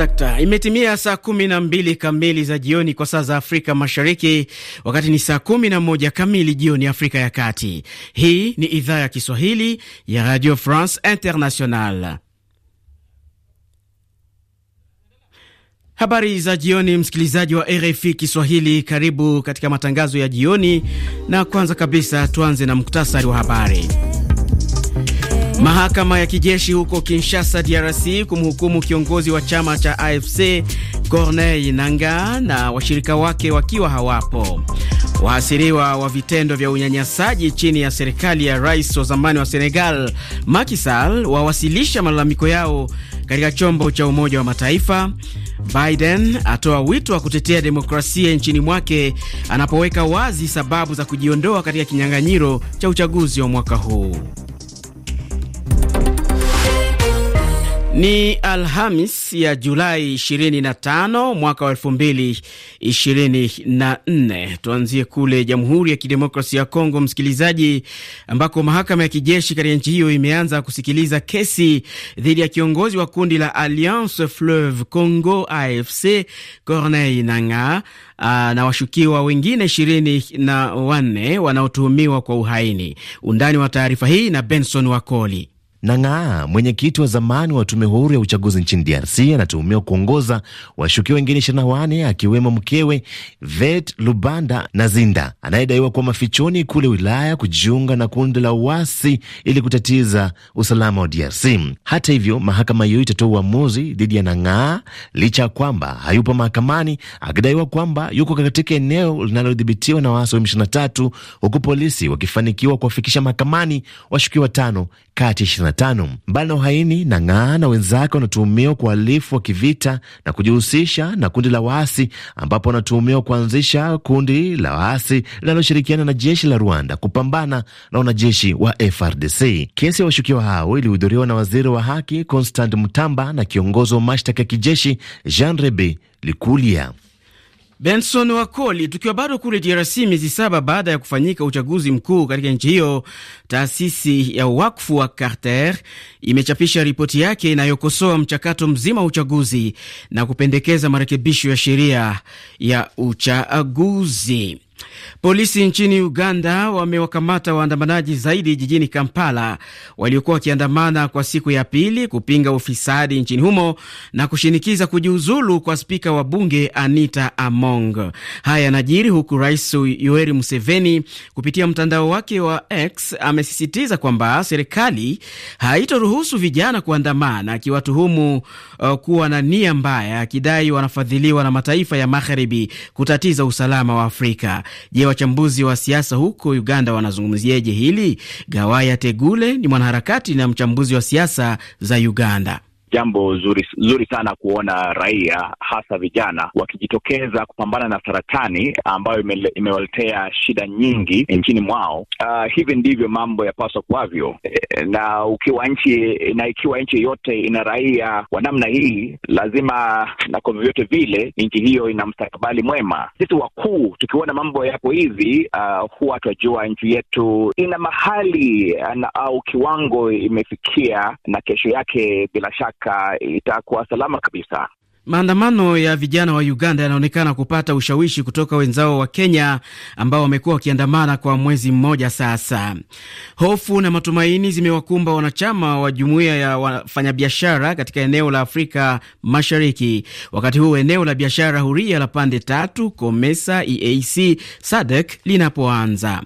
dakta. Imetimia saa kumi na mbili kamili za jioni kwa saa za Afrika Mashariki, wakati ni saa kumi na moja kamili jioni Afrika ya Kati. Hii ni idhaa ya Kiswahili ya Radio France International. Habari za jioni, msikilizaji wa RFI Kiswahili, karibu katika matangazo ya jioni, na kwanza kabisa tuanze na muktasari wa habari. Mahakama ya kijeshi huko Kinshasa, DRC kumhukumu kiongozi wa chama cha AFC Corneille Nangaa na washirika wake wakiwa hawapo. Waasiriwa wa vitendo vya unyanyasaji chini ya serikali ya rais wa zamani wa Senegal Macky Sall wawasilisha malalamiko yao katika chombo cha Umoja wa Mataifa. Biden atoa wito wa kutetea demokrasia nchini mwake anapoweka wazi sababu za kujiondoa katika kinyang'anyiro cha uchaguzi wa mwaka huu. Ni Alhamis ya Julai 25 mwaka wa 2024. Tuanzie kule Jamhuri ya Kidemokrasia ya Kongo, msikilizaji, ambako mahakama ya kijeshi katika nchi hiyo imeanza kusikiliza kesi dhidi ya kiongozi wa kundi la Alliance Fleuve Congo AFC Corneille Nangaa na washukiwa wengine 24 na wanne wanaotuhumiwa kwa uhaini. Undani wa taarifa hii na Benson Wakoli. Nang'aa, mwenyekiti wa zamani wa tume huru ya uchaguzi nchini DRC, anatuhumiwa kuongoza washukiwa wengine ishirini na akiwemo mkewe Vet Lubanda Nazinda anayedaiwa kuwa mafichoni kule wilaya kujiunga na kundi la uasi ili kutatiza usalama wa DRC. Hata hivyo, mahakama hiyo itatoa uamuzi dhidi ya Nang'aa licha ya kwamba hayupo mahakamani akidaiwa kwamba yuko katika eneo linalodhibitiwa na waasi wa M23 huku polisi wakifanikiwa kuwafikisha mahakamani washukiwa tano kati ya 2015. Mbali na uhaini na Ng'aa na wenzake wanatuhumiwa kwa uhalifu wa kivita na kujihusisha na kundi la waasi, ambapo wanatuhumiwa kuanzisha kundi la waasi linaloshirikiana na jeshi la Rwanda kupambana na wanajeshi wa FRDC. Kesi ya washukiwa hao ilihudhuriwa na waziri wa haki Constant Mutamba na kiongozi wa mashtaka ya kijeshi Jean Rebe Likulia. Benson Wakoli. Tukiwa bado kule DRC, miezi saba baada ya kufanyika uchaguzi mkuu katika nchi hiyo, taasisi ya wakfu wa Carter imechapisha ripoti yake inayokosoa mchakato mzima wa uchaguzi na kupendekeza marekebisho ya sheria ya uchaguzi. Polisi nchini Uganda wamewakamata waandamanaji zaidi jijini Kampala waliokuwa wakiandamana kwa siku ya pili kupinga ufisadi nchini humo na kushinikiza kujiuzulu kwa spika wa bunge Anita Among. Haya yanajiri huku Rais Yoweri Museveni kupitia mtandao wake wa X amesisitiza kwamba serikali haitoruhusu vijana kuandamana, akiwatuhumu uh, kuwa na nia mbaya, akidai wanafadhiliwa na mataifa ya magharibi kutatiza usalama wa Afrika. Je, wachambuzi wa siasa huko Uganda wanazungumziaje hili? Gawaya Tegule ni mwanaharakati na mchambuzi wa siasa za Uganda jambo zuri, zuri sana kuona raia hasa vijana wakijitokeza kupambana na saratani ambayo imewaletea shida nyingi nchini mwao. Uh, hivi ndivyo mambo yapaswa kwavyo eh, na ukiwa nchi na ikiwa nchi yote ina raia wa namna hii, lazima na kwa vyovyote vile nchi hiyo ina mstakabali mwema. Sisi wakuu tukiona mambo yapo hivi, uh, huwa twajua nchi yetu ina mahali na, au kiwango imefikia, na kesho yake bila shaka Afrika itakuwa salama kabisa. Maandamano ya vijana wa Uganda yanaonekana kupata ushawishi kutoka wenzao wa Kenya ambao wamekuwa wakiandamana kwa mwezi mmoja sasa. Hofu na matumaini zimewakumba wanachama wa jumuiya ya wafanyabiashara katika eneo la Afrika Mashariki, wakati huu eneo la biashara huria la pande tatu COMESA, EAC, SADC linapoanza.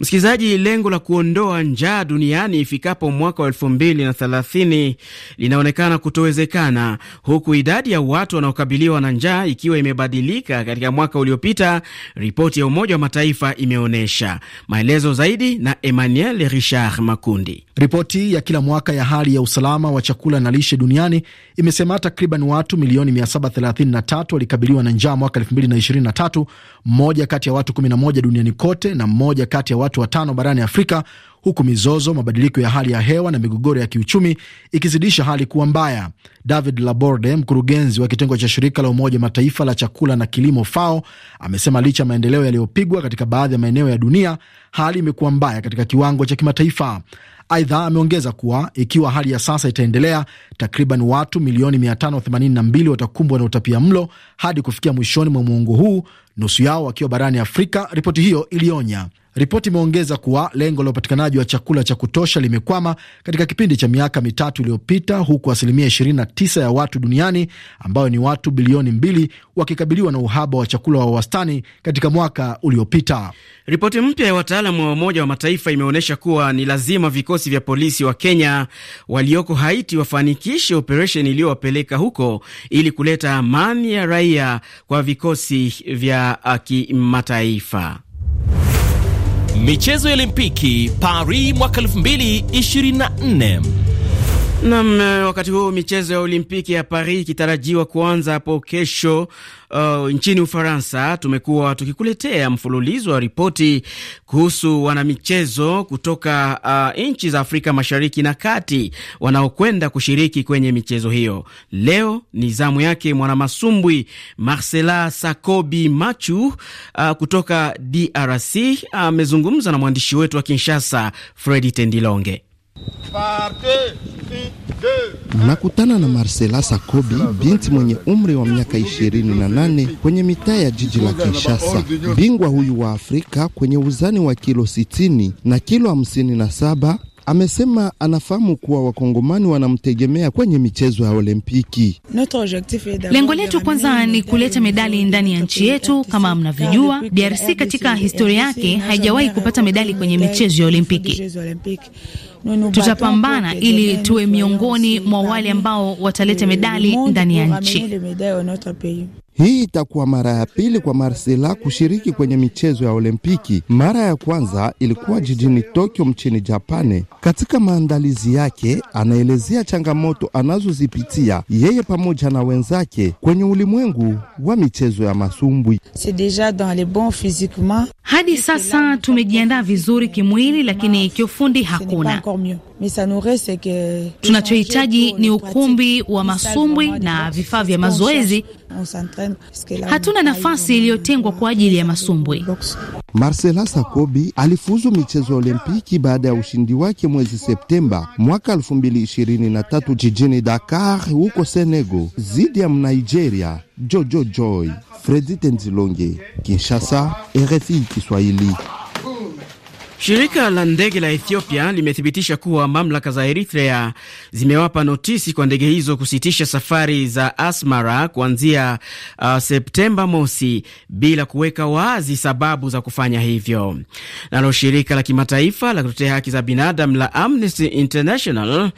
Msikilizaji, lengo la kuondoa njaa duniani ifikapo mwaka wa elfu mbili na thelathini linaonekana kutowezekana huku idadi ya watu wanaokabiliwa na njaa ikiwa imebadilika katika mwaka uliopita, ripoti ya Umoja wa Mataifa imeonyesha. Maelezo zaidi na Emmanuel Richard Makundi. Ripoti ya kila mwaka ya hali ya usalama wa chakula na lishe duniani imesema takriban watu milioni 733 walikabiliwa na njaa mwaka 2023, mmoja kati ya watu 11 duniani kote na mmoja kati ya watu watu watano barani Afrika, huku mizozo, mabadiliko ya hali ya hewa na migogoro ya kiuchumi ikizidisha hali kuwa mbaya. David Laborde, mkurugenzi wa kitengo cha shirika la Umoja Mataifa la chakula na kilimo FAO, amesema licha ya maendeleo yaliyopigwa katika baadhi ya maeneo ya dunia, hali imekuwa mbaya katika kiwango cha kimataifa. Aidha, ameongeza kuwa ikiwa hali ya sasa itaendelea, takriban watu milioni 582 watakumbwa na utapia mlo hadi kufikia mwishoni mwa muongo huu, nusu yao wakiwa barani Afrika, ripoti hiyo ilionya. Ripoti imeongeza kuwa lengo la upatikanaji wa chakula cha kutosha limekwama katika kipindi cha miaka mitatu iliyopita, huku asilimia 29 ya watu duniani ambayo ni watu bilioni mbili wakikabiliwa na uhaba wa chakula wa wastani katika mwaka uliopita. Ripoti mpya ya wataalamu wa Umoja wa Mataifa imeonyesha kuwa ni lazima vikosi vya polisi wa Kenya walioko Haiti wafanikishe operesheni iliyowapeleka huko ili kuleta amani ya raia kwa vikosi vya za uh, kimataifa. Michezo ya Olimpiki Paris mwaka 2024 Nam, eh, wakati huu michezo ya Olimpiki ya Paris ikitarajiwa kuanza hapo kesho, uh, nchini Ufaransa, tumekuwa tukikuletea mfululizo wa ripoti kuhusu wanamichezo kutoka uh, nchi za Afrika Mashariki na Kati wanaokwenda kushiriki kwenye michezo hiyo. Leo ni zamu yake mwanamasumbwi Marcela Sakobi Machu uh, kutoka DRC amezungumza uh, na mwandishi wetu wa Kinshasa Fredi Tendilonge. Nakutana na Marcela Sakobi, binti mwenye umri wa miaka 28 kwenye mitaa ya jiji la Kinshasa. Bingwa huyu wa Afrika kwenye uzani wa kilo 60 na kilo 57 na amesema anafahamu kuwa wakongomani wanamtegemea kwenye michezo ya Olimpiki. Lengo letu kwanza ni kuleta medali ndani ya nchi yetu. Kama mnavyojua, DRC katika historia yake haijawahi kupata medali kwenye michezo ya Olimpiki. Tutapambana ili tuwe miongoni mwa wale ambao wataleta medali ndani ya nchi. Hii itakuwa mara ya pili kwa Marsela kushiriki kwenye michezo ya Olimpiki. Mara ya kwanza ilikuwa jijini Tokyo mchini Japani. Katika maandalizi yake, anaelezea changamoto anazozipitia yeye pamoja na wenzake kwenye ulimwengu wa michezo ya masumbwi. Hadi sasa tumejiandaa vizuri kimwili, lakini kiufundi hakuna. Tunachohitaji ni ukumbi wa masumbwi na vifaa vya mazoezi Hatuna nafasi iliyotengwa kwa ajili ya masumbwi. Marcela Sakobi alifuzu michezo ya Olimpiki baada ya ushindi wake mwezi Septemba mwaka 2023 jijini Dakar huko Senegal dhidi ya mnigeria Jojo Joy. Fredi Tenzilonge, Kinshasa, RFI Kiswahili. Shirika la ndege la Ethiopia limethibitisha kuwa mamlaka za Eritrea zimewapa notisi kwa ndege hizo kusitisha safari za Asmara kuanzia uh, Septemba mosi bila kuweka wazi sababu za kufanya hivyo. Nalo shirika la kimataifa la kutetea haki za binadamu la Amnesty International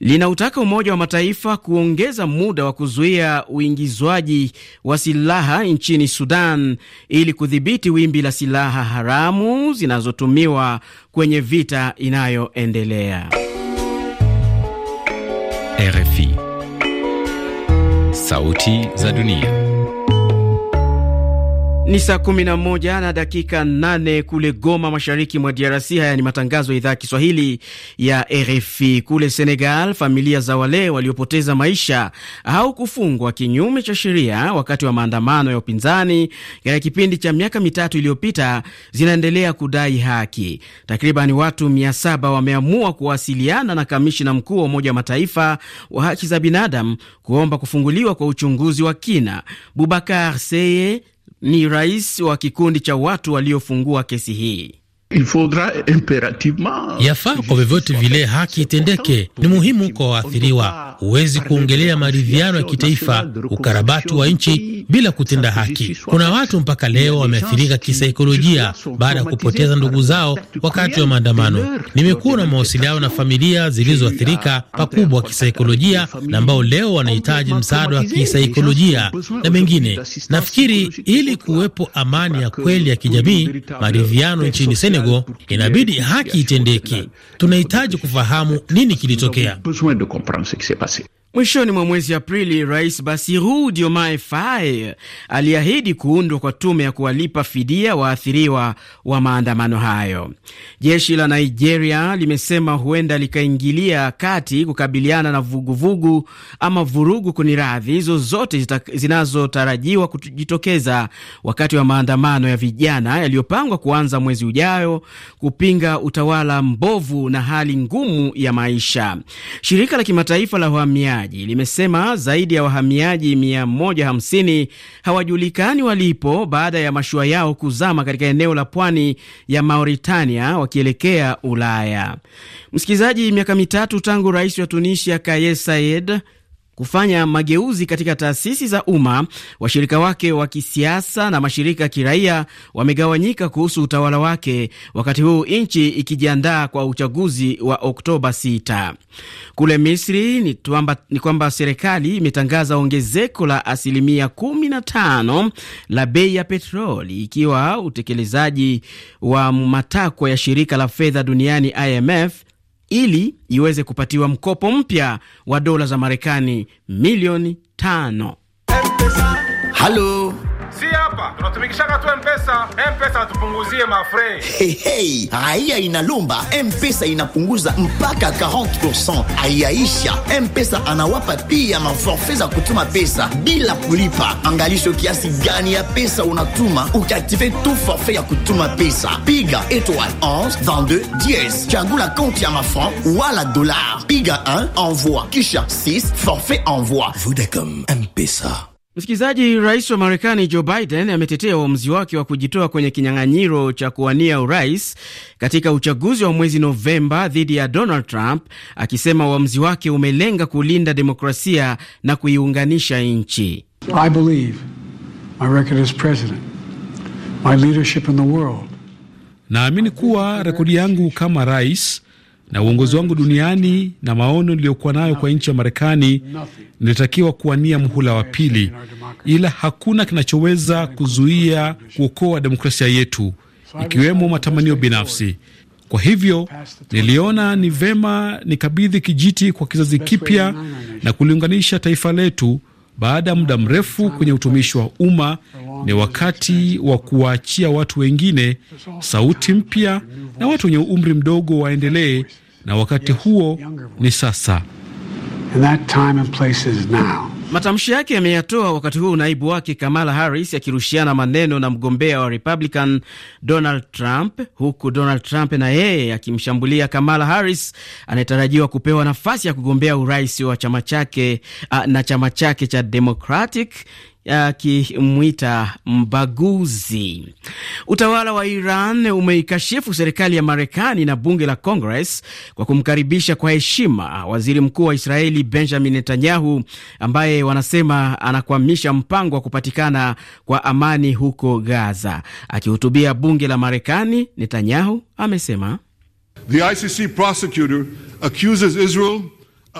linautaka Umoja wa Mataifa kuongeza muda wa kuzuia uingizwaji wa silaha nchini Sudan ili kudhibiti wimbi la silaha haramu zinazotumiwa kujikwamua kwenye vita inayoendelea. RFI, Sauti za Dunia. Ni saa 11 na dakika 8 kule Goma, mashariki mwa DRC. Haya ni matangazo ya idhaa ya Kiswahili ya RFI. Kule Senegal, familia za wale waliopoteza maisha au kufungwa kinyume cha sheria wakati wa maandamano ya upinzani katika kipindi cha miaka mitatu iliyopita zinaendelea kudai haki. Takriban watu 700 wameamua kuwasiliana na kamishina mkuu wa Umoja wa Mataifa wa haki za binadamu kuomba kufunguliwa kwa uchunguzi wa kina. Bubakar Seye ni rais wa kikundi cha watu waliofungua kesi hii. Yafaa kwa vyovyote vile haki itendeke, ni muhimu kwa waathiriwa. Huwezi kuongelea maridhiano ya kitaifa, ukarabati wa nchi bila kutenda haki. Kuna watu mpaka leo wameathirika kisaikolojia baada ya kupoteza ndugu zao wakati wa maandamano. Nimekuwa na mawasiliano na familia zilizoathirika pakubwa kisaikolojia, na ambao leo wanahitaji msaada wa kisaikolojia na mengine. Nafikiri ili kuwepo amani ya kweli ya kijamii, maridhiano nchini Senegal kidogo, inabidi haki itendeke. Tunahitaji kufahamu nini kilitokea. Mwishoni mwa mwezi Aprili, Rais Basiru Diomaye Faye aliahidi kuundwa kwa tume ya kuwalipa fidia waathiriwa wa maandamano hayo. Jeshi la Nigeria limesema huenda likaingilia kati kukabiliana na vuguvugu vugu ama vurugu hizo zozote zinazotarajiwa kujitokeza wakati wa maandamano ya vijana yaliyopangwa kuanza mwezi ujayo kupinga utawala mbovu na hali ngumu ya maisha. Shirika la kimataifa la uhamiaji uhamiaji limesema zaidi ya wahamiaji 150 hawajulikani walipo baada ya mashua yao kuzama katika eneo la pwani ya Mauritania wakielekea Ulaya. Msikilizaji, miaka mitatu tangu rais wa Tunisia Kais Saied kufanya mageuzi katika taasisi za umma, washirika wake wa kisiasa na mashirika ya kiraia wamegawanyika kuhusu utawala wake, wakati huu nchi ikijiandaa kwa uchaguzi wa Oktoba 6. Kule Misri ni, tuamba, ni kwamba serikali imetangaza ongezeko la asilimia 15 la bei ya petroli, ikiwa utekelezaji wa matakwa ya shirika la fedha duniani IMF ili iweze kupatiwa mkopo mpya wa dola za Marekani milioni tano. Halo Si hapa tunatumikishaka tu Mpesa, Mpesa atupunguzie mafre. Hey, hey. Aya inalomba Mpesa inapunguza mpaka 40%. Ayaisha Mpesa anawapa pia maforfe za kutuma pesa bila kulipa. Angalisho kiasi gani ya pesa unatuma ukiaktive tu forfe ya kutuma pesa. Piga étoile 11 22 10 chagula kaunti ya mafran wala dolar. Piga 1 envoi kisha 6 forfait envoi. Vodacom Mpesa Msikilizaji, rais wa Marekani Joe Biden ametetea uamuzi wake wa kujitoa kwenye kinyang'anyiro cha kuwania urais katika uchaguzi wa mwezi Novemba dhidi ya Donald Trump, akisema uamuzi wake umelenga kulinda demokrasia na kuiunganisha nchi. Naamini kuwa rekodi yangu kama rais na uongozi wangu duniani na maono niliyokuwa nayo kwa nchi ya Marekani, nilitakiwa kuwania mhula wa pili, ila hakuna kinachoweza kuzuia kuokoa demokrasia yetu, ikiwemo matamanio binafsi. Kwa hivyo niliona ni vema nikabidhi kijiti kwa kizazi kipya na kuliunganisha taifa letu baada ya muda mrefu kwenye utumishi wa umma, ni wakati wa kuwaachia watu wengine sauti mpya na watu wenye umri mdogo waendelee, na wakati huo ni sasa. And that time and place is now. Matamshi yake ameyatoa wakati huu naibu wake Kamala Harris akirushiana maneno na mgombea wa Republican Donald Trump, huku Donald Trump na yeye akimshambulia Kamala Harris anayetarajiwa kupewa nafasi ya kugombea urais wa chama chake ah, na chama chake cha Democratic akimwita mbaguzi. Utawala wa Iran umeikashifu serikali ya Marekani na bunge la Congress kwa kumkaribisha kwa heshima waziri mkuu wa Israeli Benjamin Netanyahu, ambaye wanasema anakwamisha mpango wa kupatikana kwa amani huko Gaza. Akihutubia bunge la Marekani, Netanyahu amesema The ICC prosecutor accuses Israel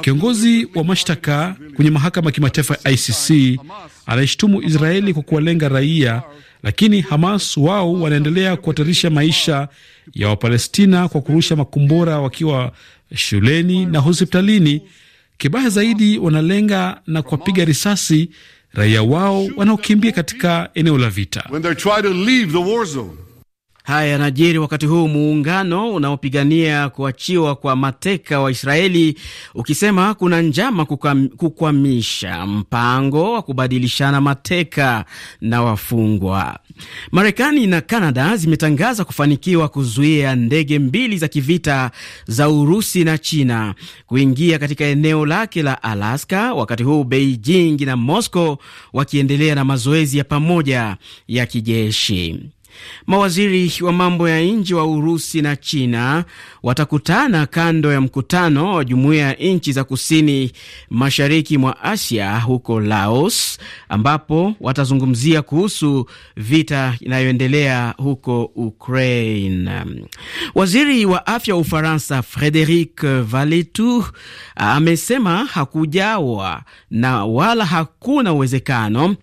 Kiongozi wa mashtaka kwenye mahakama ya kimataifa ya ICC anaishtumu Israeli kwa kuwalenga raia, lakini Hamas wao wanaendelea kuhatarisha maisha ya Wapalestina kwa kurusha makombora wakiwa shuleni na hospitalini. Kibaya zaidi, wanalenga na kuwapiga risasi raia wao wanaokimbia katika eneo la vita. Haya yanajiri wakati huu muungano unaopigania kuachiwa kwa mateka wa Israeli ukisema kuna njama kukwamisha mpango wa kubadilishana mateka na wafungwa. Marekani na Kanada zimetangaza kufanikiwa kuzuia ndege mbili za kivita za Urusi na China kuingia katika eneo lake la Alaska, wakati huu Beijing na Moscow wakiendelea na mazoezi ya pamoja ya kijeshi. Mawaziri wa mambo ya nje wa Urusi na China watakutana kando ya mkutano wa jumuiya ya nchi za kusini mashariki mwa Asia huko Laos, ambapo watazungumzia kuhusu vita inayoendelea huko Ukraine. Waziri wa afya wa Ufaransa Frederic Valetu amesema hakujawa na wala hakuna uwezekano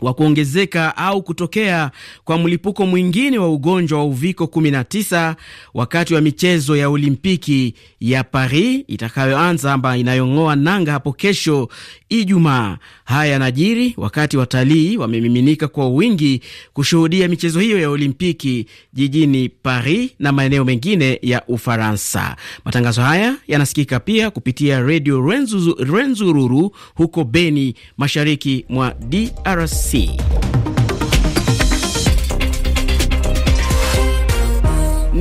wa kuongezeka au kutokea kwa mlipuko mwingine wa ugonjwa wa uviko 19 wakati wa michezo ya Olimpiki ya Paris itakayoanza ama inayong'oa nanga hapo kesho Ijumaa. Haya yanajiri wakati watalii wamemiminika kwa wingi kushuhudia michezo hiyo ya Olimpiki jijini Paris na maeneo mengine ya Ufaransa. Matangazo haya yanasikika pia kupitia redio Renzururu huko Beni, mashariki mwa DRC. C.